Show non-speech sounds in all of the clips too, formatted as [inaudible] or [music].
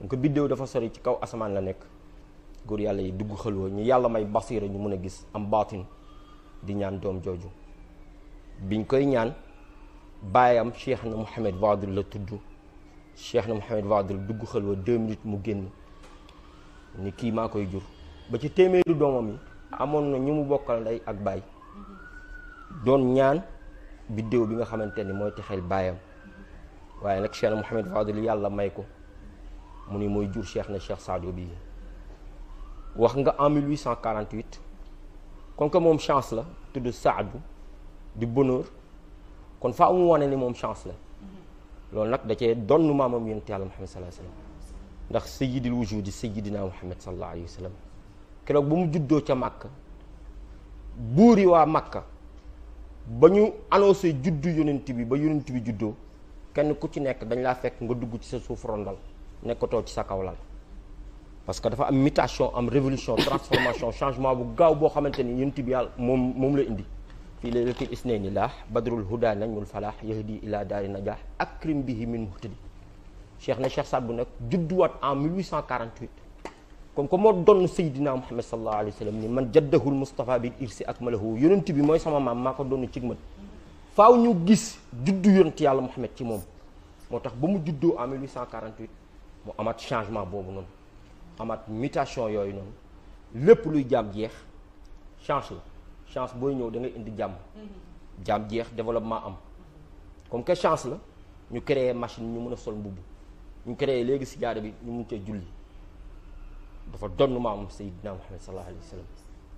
donc biddéew dafa sori ci kaw asamaan la nekk góor yàlla yi dugg xalwa ñu yàlla may basiira ñu mën a gis am baatin di ñaan doom jooju biñ koy ñaan baayam cheikh na Mouhamed Vadul la tudd cheikh na Mouhamed Vadul dugg xalwa deux minutes mu génn ni kii maa koy jur ba ci téeméeru doomam yi amoon na ñu mu bokkal ndey ak baay doon ñaan biddéew bi nga xamante ni mooy texeel baayam waaye nag cheikh na Mouhamed Vadul yàlla may ko Mon ni mooy jur cheikh na cheikh Sadio bi wax nga en 1848 kon comme mom chance la tudd Sadou, di bonheur kon fa mu woné ni mom chance la lool nak da ci donn mamam yonent yàlla Muhammad sallallahu alayhi wa ndax sayyidil wujudi sayyidina Muhammad sallallahu alayhi wasallam. sallam keroog ba mu juddoo ca Màkka bouri wa waa bañu ba ñu annoncé juddu yonent bi ba yonent bi juddoo kenn ku ci nek dañ la fekk nga dugg ci sa suuf rondal nekkatoo ci sa kaw lal parce que dafa am mutation am révolution transformation [coughs] changement bu gaaw boo xamante ni yonent bi yàlla moom moom la indi fii laylatil isnayni laa badrul huda najmul falah yahdi ila daari najah akrim bihi min muhtadi cheikh na cheikh Saad bu nag judduwaat en 1848 comme que moo donn Seydina Muhammad sallallahu alayhi wa sallam ni man jaddahul Mustafa bil irsi akmalahu yonent bi mooy sama maam maa ko donn cig mat faaw ñu gis juddu yonent yàlla Muhammad ci moom moo tax ba mu juddoo en 1848 mu amaat changement boobu noonu amaat mutation yooyu noonu lépp luy jaam jeex chance la chance booy ñëw da ngay indi jàmm jaam jeex développement am comme que chance la ñu créer machine ñu mun a sol mbubb ñu créer léegi si jaada bi ñu mun cee julli dafa donn maam Seydina Muhammad sallallahu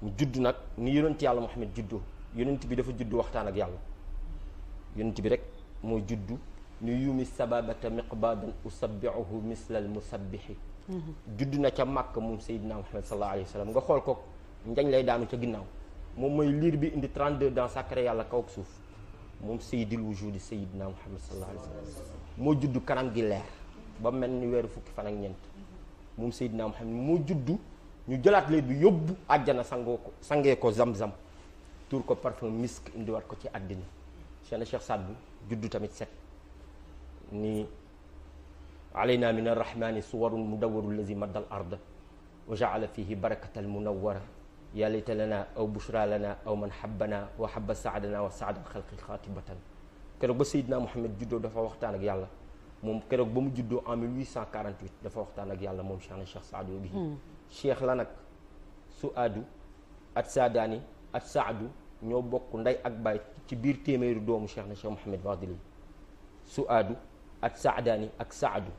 mu judd nag ni yonent yàlla Muhammad juddoo yonent bi dafa juddu waxtaan ak yàlla yonent bi rek mooy juddu ñu yumi sababata miqbaadan usabbiuhu mislal musabbihi judd na ca màkk moom Seydina Muhammad sallallahu alayhi wa sallam nga xool ko njañ lay daanu ca ginnaaw moom mooy liir bi indi 32 dans sacré yàlla kaw ak suuf moom seydi wujudi Seydina Muhammad sallallahu alayhi wa sallam moo judd kanam gi leer ba mel ni weeru fukki fan ak ñeent moom Seydina Muhammad moo juddu ñu jëlaat liir bi yóbbu àjjana sangoo ko sangee ko zam-zam tuur ko parfum misk indiwaat ko ci àddina Cheikh Saad bu juddu tamit set ني علينا من الرحمن صور مدور الذي مد الارض وجعل فيه بركه المنوره يا ليت لنا او بشرى لنا او من حبنا وحب سعدنا وسعد الخلق خاتمه كرب سيدنا محمد جدو دفا وقتان اك يالا موم كرب بوم جدو عام 1848 دفا وقتان اك يالا موم شان الشيخ سعدو بي شيخ لا نك سؤادو ات ساداني ات سعدو ньо بوك نداي اك باي تي بير تيمير دوم شيخنا شيخ محمد فاضل سؤادو ak saadaani ak saadu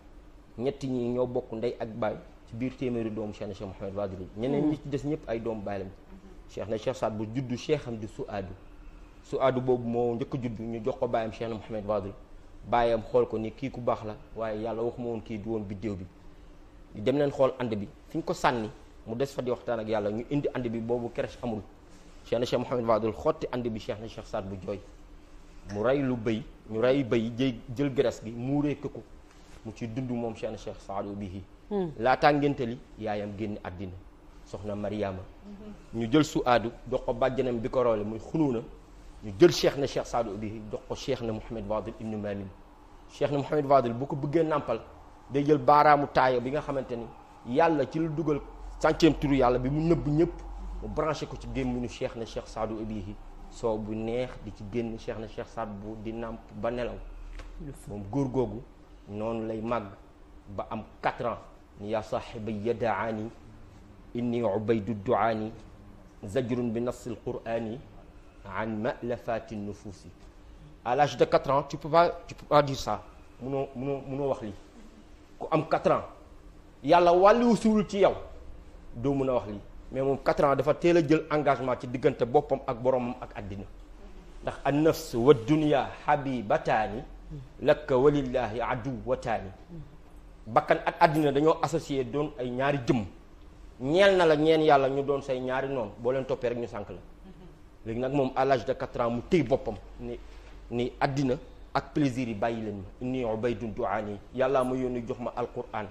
ñetti ñi ñoo bokk ndey ak baay ci biir téeméeri doomu Cheikh na Cheikh Mouhamed Fadilou mm-hmm. ñeneen ñi ci des ñëpp ay doomu baay lañ na Cheikh Saad bu juddu Cheikh su di su adu boobu moo njëkk a juddu ñu jox ko baayam Cheikh na Mouhamed Fadilou baayam xool ko ni kii ku baax la waaye yàlla waxuma woon kii du woon biddéew bi dem leen xool ànd bi fi ñu ko sànni mu des fa di waxtaan ak yàlla ñu indi ànd bi boobu crèche amul Cheikh na Cheikh Mouhamed Fadilou xotti ànd bi Cheikh na Cheikh Saad bu jooy mu rey lu bëy ñu rey bëy jëy jël graisse gi muuree ko ko mu ci dund moom seen Cheikh Saadu bihi hmm. laataa ngénte li yaayam génn àddina soxna Mariama ñu jël su adu dox ko bàjjanam bi ko roole muy xunu xunuuna ñu jël cheikh na cheikh Saadu bihi dox ko cheikh na Mouhamed Vadil ibnu Mamin cheikh na Mouhamed Vadil bu ko bëggee nàmpal day jël baaraamu taaya bi nga xamante ni yàlla ci lu dugal centième turu yàlla bi mu nëbb ñëpp mu branché ko ci gémmiñu cheikh na cheikh Saadu bihi soo bu neex di ci génn Cheikh na Cheikh Saad bu di nàmp ba nelaw moom góor googu noonu lay màgg ba am quatre ans ni yaa saaxiba yadaani inni ubaydu duaani zajrun bi nas alqurani an malafati nufuusi à l'âge de quatre ans tu peux pas tu peux pas dire ça munoo munoo munoo wax lii ku am quatre ans yàlla wàlliwu suwul ci yow doo mun a wax lii mais moom 4 ans dafa teel a jël engagement ci diggante boppam ak boromam ak àddina ndax an nafs wa dunia habibataani lakka walillaahi aduwataani bakkan ak àddina dañoo associé doon ay ñaari jëmm ñeel na la ñeen yàlla ñu doon say ñaari noon boo leen toppee rek ñu sànk la léegi nag moom à l'âge de 4 ans mu téy boppam ni ni àddina ak plaisir yi bàyyi leen ma inni ubaydun duaani yàlla ma yónni jox ma alquran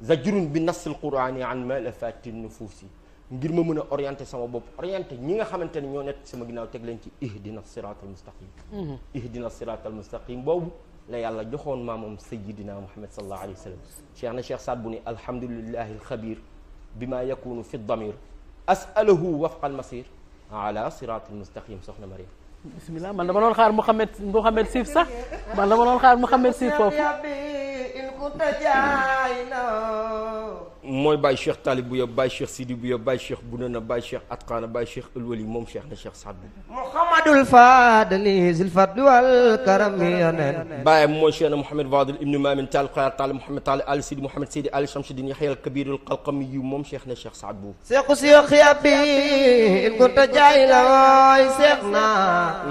zajrun bi nasl quraani an malafaati nufuusi ngir ma mën a orienter sama bopp orienter ñi nga xamante ni ñoo nekk sama ginnaaw teg leen ci ihdina siratal mustaqim ihdina siratal mustaqim boobu la yàlla joxoon maamam sayidina muhammad sallallahu alayhi wa sallam cheikh na cheikh saad bu ni alhamdulillahi alxabir bima yakunu fi damir asalahu wafqa almasir ala siratal mustaqim soxna maria bismillah man dama doon xaar muhammad muhammad siif sax man dama doon xaar muhammad siif foofu moy Baye Cheikh Talib bu yo Baye Cheikh Sidi bu yo Baye Cheikh Bounana Baye Cheikh Atqana Baye Cheikh Ulwali mom Cheikh na Cheikh Saad Muhammadul Fadli zil fadli wal karam yanen Baye mo Cheikh mohammed Mouhamed Fadil ibnu Mamin talqa Khayar mohammed Mouhamed al Sidi mohammed Sidi al Shamsuddin Yahya al kabir al Qalqami yu moom Cheikh na Cheikh Saad cheikh Cheikhu Cheikh yabi in ta jay la Cheikh na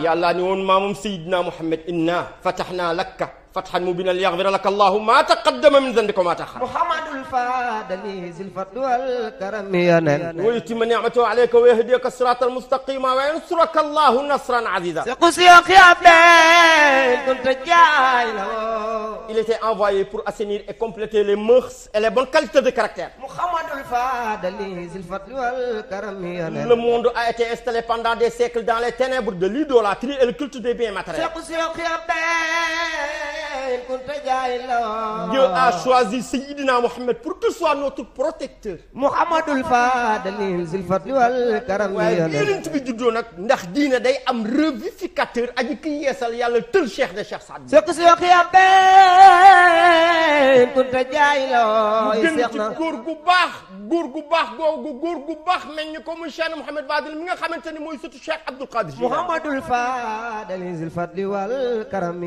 yàlla ni won mamum sidina mohammed inna fatahna lakka فتحا مبينا ليغفر لك الله ما تقدم من ذنبك وما تأخر محمد الفاد ذي الفضل والكرم ويتم نعمته عليك ويهديك الصراط المستقيم وينصرك الله نصرا عزيزا سقسيك يا عبد كنت جاهلا Il était envoyé pour assainir et compléter les mœurs et les bonnes qualités de caractère. Le monde a été installé pendant des siècles dans les ténèbres de l'idolâtrie et le culte des biens matériels. Dieu a choisi Sayyidina Mohamed pour qu'il soit notre protecteur. Muhammadul Fadalil zil fadli wal karam. waaye yonent bi juddoo nag ndax diina day am revivificateur aji ki yeesal yàlla tël Cheikh de Cheikh Saad. soo ko soo ko yàbbee kunta jaay loo. yi seex na gën ci góor gu baax góor gu baax googu góor gu baax meññ ko muy Cheikh Mohamed Fadel mi nga xamante ni mooy sëtu Cheikh Abdoul Qadir. Muhammadul Fadalil zil fadli wal karam.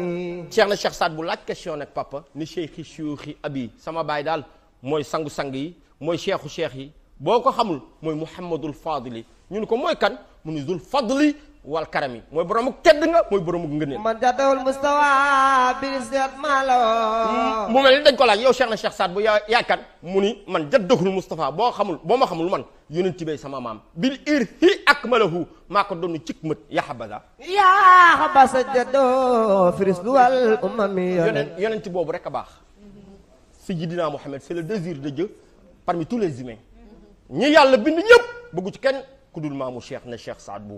Cheikh na Cheikh Saad bu laaj. laaj question nag papa ni cheikh chiyuuxi abi sama baay daal mooy sangu-sang yi mooy cheikhu cheikh yi boo ko xamul mooy muhammadul fadili ñu ne ko mooy kan mu ni dul fadli wal karami mooy boroomu tedd nga mooy boroomu ngëneel man jatawul mustawa bi seet maalo mm, mu mel ni dañ ko laaj yow Cheikh na Cheikh Saad bu yaa yaakan mu ni man jaddoxul Moustapha boo xamul boo ma xamul man yonent bay sama maam bil ir hi ak malahu maa ko doon cik mët yaa xabasa yaa xabasa jaddoo firis duwal umami yonent boobu rek a baax Sayyidina Muhammad c'est le désir de Dieu parmi tous les humains ñi yàlla bind ñëpp bëggu ci kenn ku dul maamu Cheikh na Cheikh Saad bu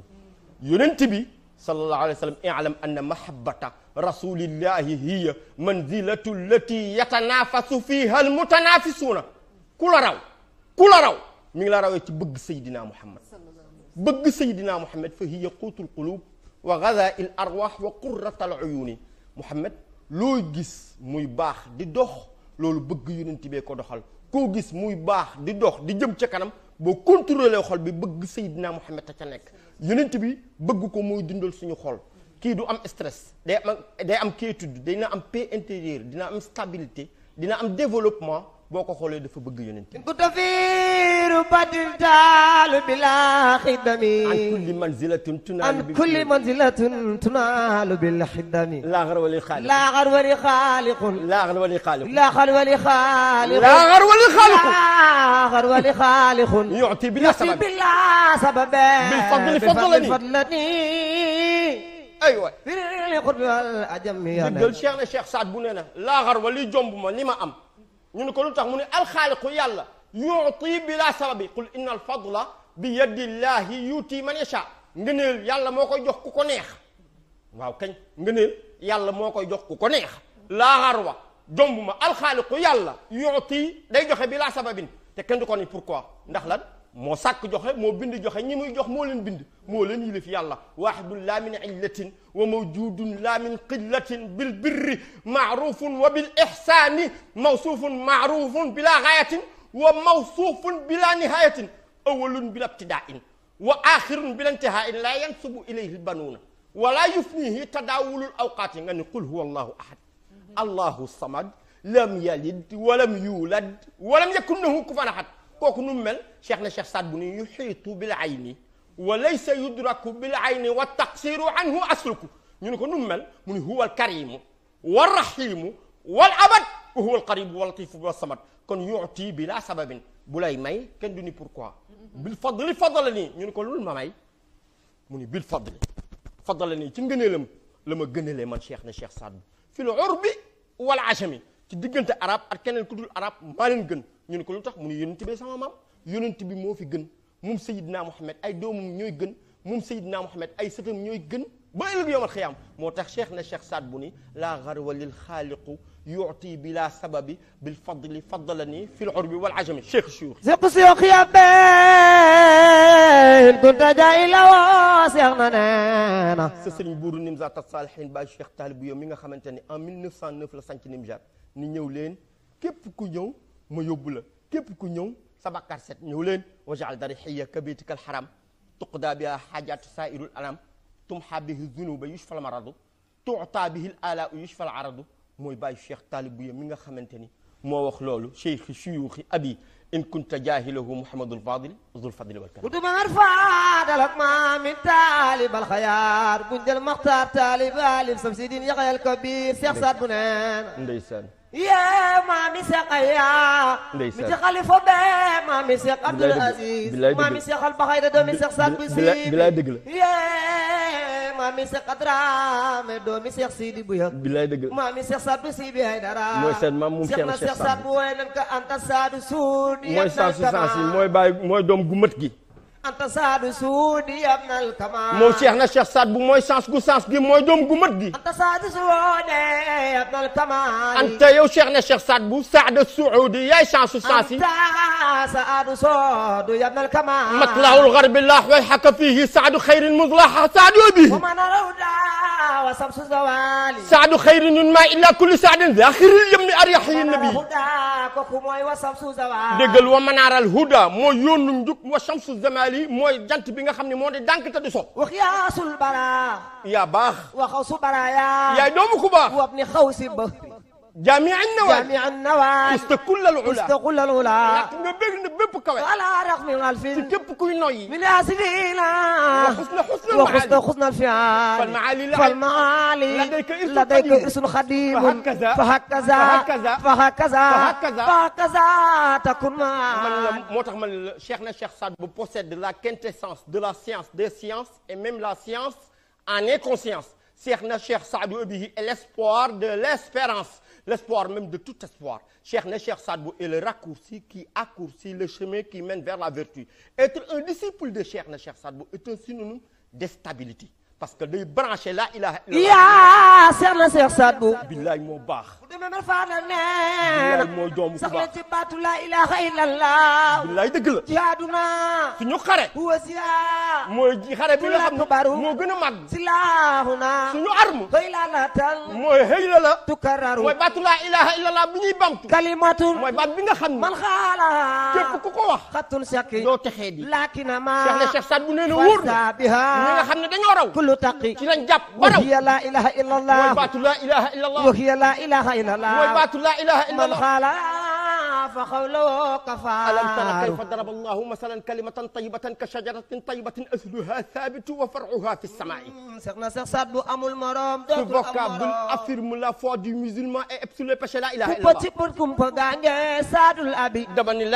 يونتبي صلى الله عليه وسلم اعلم ان محبه رسول الله هي منزله التي يتنافس فيها المتنافسون كل راو كل راو مي راو تي بغ سيدنا محمد بغ سيدنا محمد فهي قوت القلوب وغذاء الارواح وقره العيون محمد لو غيس موي باخ دي دوخ لولو بغ يونتبي كو دوخال كو غيس موي باخ دي دوخ دي جيم تي كانم بو كونترولي خول بي بغ سيدنا محمد تا نيك yonent bi bëgg ko muy dundal suñu xol kii du am stress day am day am quiétude dina am paix intérieure dina am stabilité dina am développement boko xolé dafa bëgg yonent bi. tafiru badil dal bil khidami an kulli manzilatin tunal an kulli manzilatin tunal bil khidami la ghar wali khaliq la ghar wali khaliq la ghar wali khaliq la ghar wali khaliq la ghar wali khaliq la ghar wali khaliq yuti bil sabab. bil sabab. bil fadli fadlani. bil fadlani. aywa fi lil qurbi wal ajami. yaa ne déggal Cheikh na Cheikh Saad bu ne na laa wali jomb ma am. ñu ne ko lu tax mu ne alxaaliqu yàlla yuuti bila sababi qul inna alfadla bi yadillahi yuuti man yacha ngëneel yàlla moo koy jox ku ko neex waaw kañ ngëneel yàlla moo koy jox ku ko neex laa harwa jomb ma alxaaliqu yàlla yuuti day joxe bila sababin te kenn du ko ni pourquoi ndax lan mo sak joxe mo bind joxe ñi muy jox mo leen bind mo leen yilif yàlla wahidun la min illatin wa mawjudun la min qillatin bil birri ma'rufun wa bil ihsani mawsufun ma'rufun bila ghayatin wa mawsufun bila nihayatin awwalun bil ibtidain wa akhirun bil intihain la yansubu ilayhi al wa la yufnihi tadawul al awqat ngani qul huwa allah ahad allahu samad lam yalid walam yuulad walam yakun lahu kufan ahad كوك نمل شيخنا الشيخ سعد بن يحيط بالعين وليس يدرك بالعين والتقصير عنه اسلك نيكو نمل من هو الكريم والرحيم والابد وهو القريب واللطيف والصمد كن يعطي بلا سبب بولاي ماي كان دوني بوركوا بالفضل فضلني نيكو لول ماي من بالفضل فضلني تي غنيلم لما غنيلي من شيخنا الشيخ سعد في العرب والعجمي تي ديغنت عرب اركن كدول عرب ما لين ñu ne ko lutax mu ne yonent bi sama mam yonent bi mo fi gën mum sayyidina muhammad ay doom ñoy gën mum sayyidina muhammad ay sëtam ñoy gën ba ëllëg yowmal xiyaam moo tax cheikh na cheikh sad buni la laa garwa lil khaliq yuuti bila sababi bil fadli fadlani fi l urbi wal ajami cheikh chiour siq siyok yabben kunta jaay lawo cheikh na neena sa sëriñ buuru nimzaat saalihin baay cheikh taalibu yow mi nga xamante en 1909 la sanc nimzaat ni ñëw leen képp ku ñëw ma yóbbu la képp ku ñëw sa bakkaar set ñëw leen wajal darixiya kabitika alxaram tuqda biha xaajaatu saairul anam tumxa bihi zunuba yushfa almaradu tuuta bihi alaau yushfa alaradu mooy bàyyi cheikh taalibuya mi nga xamante ni moo wax loolu cheikhi shuyuuxi abi in kunta jaahilahu muhammadul fadil zul fadli wal karam duma arfa dalak ma min taalib al xayaar buñ del maxtaar taalib alif samsidin yaxayal kabir cheikh saat bu neen ndeysaan yee maami Seex yaa mi ci xalifa bee maami Seex Abdul Aziz maami Seex al Baxayda doomi Seex Sàmbi Si bilaay dëgg la yee maami Seex Adraame doomi Seex Sidi bu ya bilaay dëgg la maami Seex Sàmbi Si bi ay dara mooy seen maam moom Seex na Seex Sàmbi waaye nan ka anta saadu suud mooy 166 mooy baay mooy doom gu mët gi moom Cheikh na Cheikh Saad bu mooy sens gu sens gi mooy doom gu mat gi. Anta yow Cheikh na Cheikh Saad bu Saada Suudi yaay sens su sens yi. matlahul garbi laax way xaka fiihi Saadu xayril muzlaxa Saadu bi. saadu xayri ñun maa illa kulli saadin zaxiril jëmmi aryaxi nabi déggal wa manaaral huda moo yoonu njub wa shamsu zamali mooy jant bi nga xam ne moo di dànk te du so. wax yaasul bara. yaa baax. waxaw su bara yaa. yaay doomu ku baax. wab ni xaw si ba. جامع النوال جامع النوال العلا possède la quintessence de la science des sciences et même la science en inconscience. Cheikh Saad Bou est l'espoir de l'espérance l'espoir même de tout espoir. cher Necher Sadbou est le raccourci qui accourcit le chemin qui mène vers la vertu. Être un disciple de cher Necher Sadbou est un synonyme de stabilité. parce que day branché la ilaha illallah. billaay moo baax. bu demee ba faana nee. billaay moo doomu ku baax sax na ci la ilaha mooy xare bi nga xam ne moo gën a màgg. silaahuna. mooy xëyla la. tukararu mooy baatu la ilaha illallah bi ñuy kalimatun. mooy baat bi xam ne. man xaala. képp ko wax. xatun sakki. doo texee di. laakinama. seex na seex Sadbu nee xam ne dañoo raw. kullu taqi. ci lañ jàpp baraw wahiya la ilaha illallah. mooy baatu la ilaha illallah. wahiya la ilaha illallah. mooy baatu la ilaha illallah. man xaala. فخوله كفى ألم ترى كيف ضرب الله مثلا كلمة طيبة كشجرة طيبة أثلها ثابت وفرعها في السماء سيخنا أم المرام دوت المرام مزلما إبسل بش الله كبتي بركم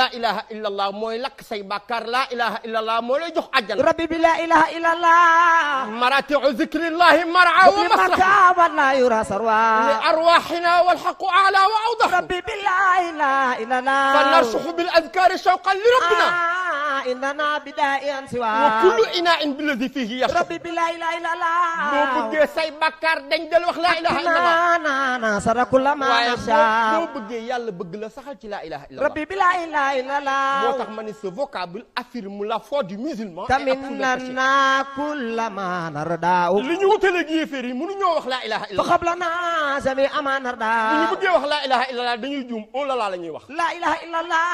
لا إله إلا الله مويلك سيبكر لا إله إلا الله مولي أجل ربي بلا إله إلا الله مراتع ذكر الله مرعى ومسرح لمكا والحق أعلى وأوضح ربي بلا إله إلا الله إننا فلنرشح بالأذكار شوقا لربنا إننا بدائيا سوى وكل إناء بالذي فيه يشرب ربي بلا إله إلا الله boo bëggee say bakkaar dañ del wax laa ilaha illa Allah nasara kulla ma nasha boo bëggee yàlla bëgg la saxal ci laa ilaha illa Allah ربي بلا إله إلا الله moo tax ma ne ce vocable affirme la foi du musulman تمننا كل ما نرضى li ñu wutaleeg yéeféer yi mënuñoo wax laa ilaha illa Allah فخب لنا جميع ما نرضى li ñu bëggee wax laa ilaha illa Allah dañuy juum oh la la la ñuy wax laa ilaha illallah.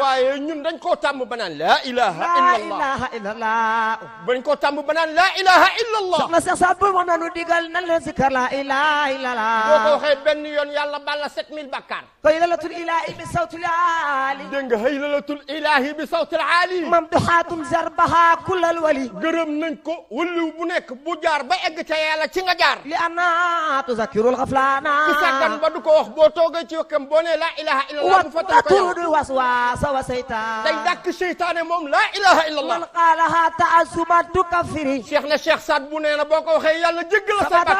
waaye ñun dañ koo tàmm ba naan laa ilaha illallah. laa ilaha illallah. dañ koo tàmm ba naan laa ilaha illallah. soxna Cheikh Saad Bou wax na nu digal nan leen sikar laa ilaha illallah. boo ko waxee benn yoon yàlla baal la sept mille bakkaar. haylalatul ilahi bi sawtil aali. dégg nga haylalatul ilahi bi sawtil aali. mamduxaatum zarbaha kullal wali. gërëm nañ ko wëllu bu nekk bu jaar ba egg ca yàlla ci nga jaar. li ana tuzakirul xaflaana. ci sàggan ba du ko wax boo toogee ci yokkam boo nee laa ilaha illallah. تطرد الوسواس والشيطان داي داك الشيطان موم لا اله الا الله من قالها تعزما تكفري شيخنا الشيخ صاد بو نينا بوكو وخي يالا جيغلا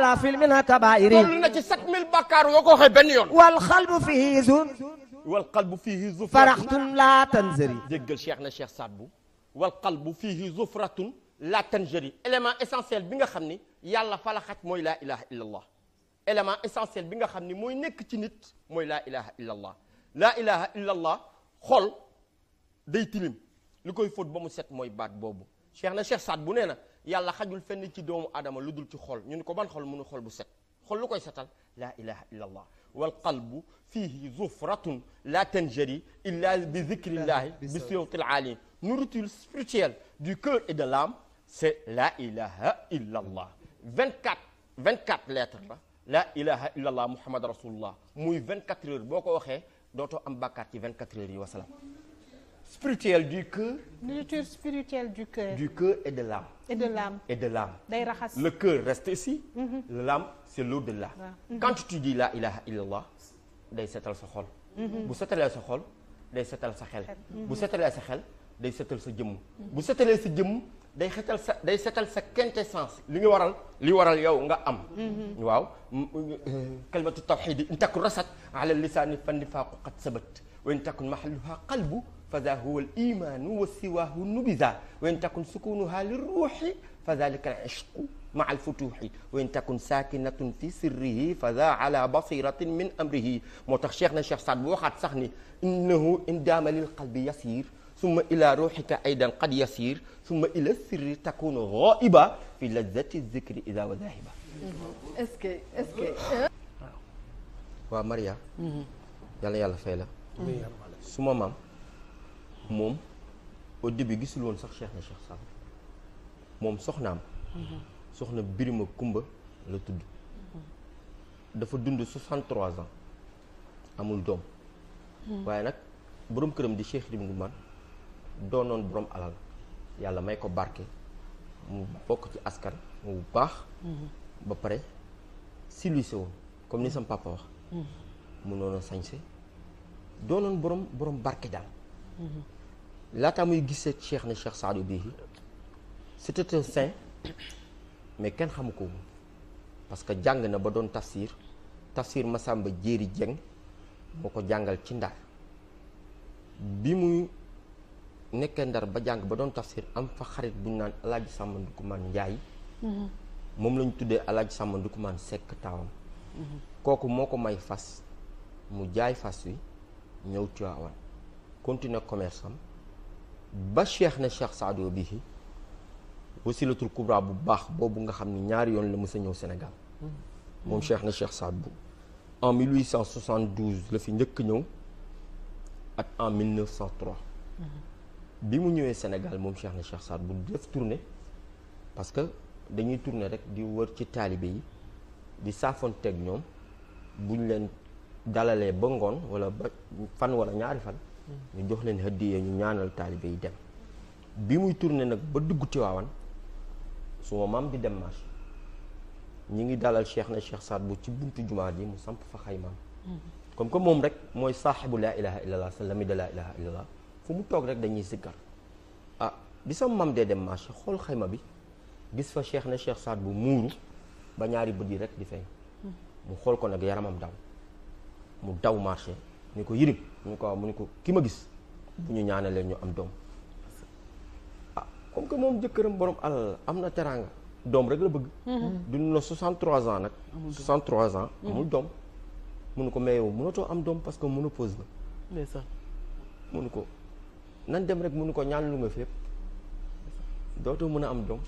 لا في منها كبائر قلنا شي 6000 بكار وكو خي بن يون والقلب فيه زن والقلب فيه زفرة فرحة لا تنزري جيغل شيخنا الشيخ صاد بو والقلب فيه زفرة لا تنجري اليمان اسانسيل بيغا خامني يالا فلا خات موي لا اله الا الله élément essentiel bi nga xam ni mooy nekk ci nit mooy laa ilaha illa allah laa ilaha illa allah xol day tilim li koy fóot ba mu set mooy baat boobu cheikh na cheikh saad bu nee na yàlla xajul fenn ci doomu adama lu dul ci xol ñu ni ko ban xol mënu xol bu set xol lu koy setal laa ilaha illa allah wal qalbu fihi zufratun la tanjari illa bi zikrillahi bi siyawtil alim nourriture spirituelle du cœur et de l'âme c'est la ilaha illa allah 24 24 lettres la ilaha illallah muhammad rasulullah muy 24 heures boko et doto am 24 heures yi spirituel du cœur. nourriture spirituelle du cœur. du cœur et de l'âme. et de l'âme. et de l'âme. le cœur reste ici. Mm-hmm. l'âme c'est l'au-delà. Mm-hmm. quand tu dis la ilaha illallah day setal sa xol. Mm-hmm. bu sa xol day setal sa xel. bu sa day setal sa jëm bu setalé sa jëm day xetal sa day setal sa quintessence li nga waral li waral yow nga am waaw kalimatu tawhid in takun rasat ala lisan lisaani fannifaaqu qad sabat wa in takun mahalluha qalbu fadha huwa فذا هو الإيمان nubiza wa وإن تكن sukunuha للروح فذلك العشق مع الفتوح وإن تكن ساكنة في سره فذا على بصيرة من أمره moo tax Cheikhna Cheikh Saad bu إنه إن دام للقلب يسير ثم إلى روحك أيضا قد يسير ثم إلى السر تكون غائبة في لذة الذكر إذا وذاهبة اسكي اسكي وا ماريا يلا يلا فايلا سوما مام موم او ديبي غيسول وون صاح شيخنا شيخ صاح موم سخنام سخنا بريما كومبا لا تود دا فا دوند 63 ans amul dom mhm. waye nak borom kërëm di cheikh ribou mane doonoon boroom alal yàlla may ko barke mu bokk ci askan mu baax mhm. ba pare siluse woon comme ni sama papa wax mhm. mu noonu sañse doonoon borom borom barke daal mhm. laataa muy gisee cheikh ne cheikh Saadu bii c'était un saint mais kenn xamu ko woon parce que jàng na ba doon tafsir tafsir Masamba Jéeri Jeng moo ko jàngal ci Ndar bi muy nekkee ndar ba jàng ba doon tafsir am fa xarit bu ñu naan alaaji Samba Ndukumaan Njaay mm-hmm. moom lañu tuddee alaaji Samba Ndukumaan Sekk taawam mm-hmm. kooku moo ko may fas mu jaay fas wi ñëw Tiwaawan continuer commerce am ba cheikh na cheikh Sadio bii wasilatul kubra bu baax boobu nga xam ni ñaari yoon la mës ñëw Sénégal mm-hmm. moom cheikh na cheikh Sadio en 1872 la fi njëkk ñëw ak en 1903 bi mu ñëwee Sénégal moom Cheikh na Cheikh saat bu def tournée parce que dañuy tourner rek di wër ci taalibe yi di saafoon teg ñoom buñ leen dalalee ba ngoon wala ba fan wala ñaari fan. ñu jox leen hëddiye ñu ñaanal taalibe yi dem. bi muy tourné nag ba dugg Tiwaawan suma maam di dem marché ñi ngi dalal Cheikh na Cheikh Saad bu ci buntu jumaa ji mu samp fa xay xaymaam. Mm-hmm. comme que moom rek mooy saaxibu laa ilaha illallah sallami de laa ilaha illallah. fu mu toog rek dañuy sikkar ah bi sama mam dee dem marché xool xayma bi gis fa cheikh na cheikh Saad bu muuru ba ñaari bët yi rek di feeñ mu xool ko nag yaramam daw mu daw marché ni ko yërib mu ni ko ki ma gis bu ñu ñaanalee ñu am doom ah comme na teraanga doom bëgg dund na 63 munu ko mais yow mënatoo que ménopause la munu ko nañ dem rek mënu ko ñaan lu nga fépp dootoo mën a am doom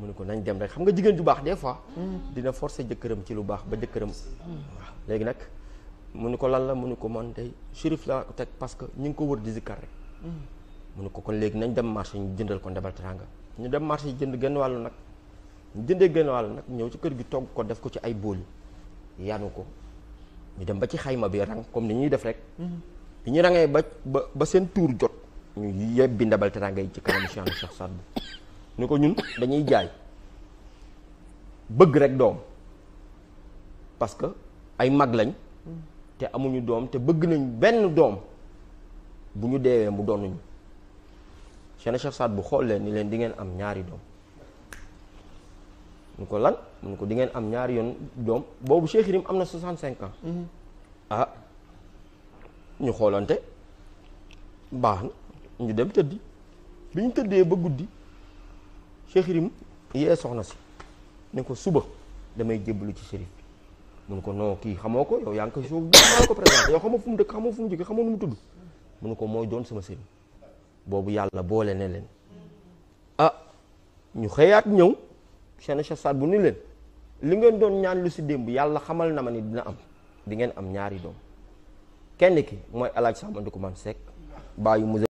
mënu ko nañ dem rek xam nga jigéen ju baax des fois. Mm. dina forcer jëkkëram ci lu baax ba jëkkëram. Mm. waaw léegi nag mënu ko lan la mënu ko man tey shérif laa ko teg parce que ñu ngi ko wër di zikkar rek. mënu mm. ko kon léegi nañ dem marché ñu jëndal ko ndebal teranga ñu dem marché yi jënd genn wàllu nag ñu jëndee genn wàllu nag ñëw ci kër gi togg ko def ko ci ay bool yi yanu ko ñu dem ba ci xayma bi rang comme ni ñuy def rek. ba seen tuur jot. ñu yebbi ndabal teraanga yi ci kanamu Cheikh Cheikh Saad ni ko ñun dañuy jaay bëgg rekk doom parce que ay mag lañ te amuñu doom te bëgg nañ benn doom bu ñu deewee mu doon ñu Cheikh Cheikh Saad Bou xool leen ni leen di ngeen am ñaari doom ñu ko lan mun ko di ngeen am ñaari yoon doom boobu Cheikh am na 65 ans mhm. ah ñu xoolante baax ñu dem tëddi bi ñu tëddee ba guddi Cheikh yee soxna si ne ko suba damay jébbalu ci shérif bi mun ko non kii xamoo ko yow yaa ngi fu mu dëkk xamoo fu mu jóge xamoo nu mu tudd mun ko mooy doon sama sëriñ yàlla boole ne leen ah ñu xëyaat ñëw seen chassaat bu ni leen li ngeen doon ñaan lu si démb yàlla xamal na ma ni dina am di ngeen am ñaari doom kenn ki mooy alaaj Samba Ndoukoumane Seck bàyyi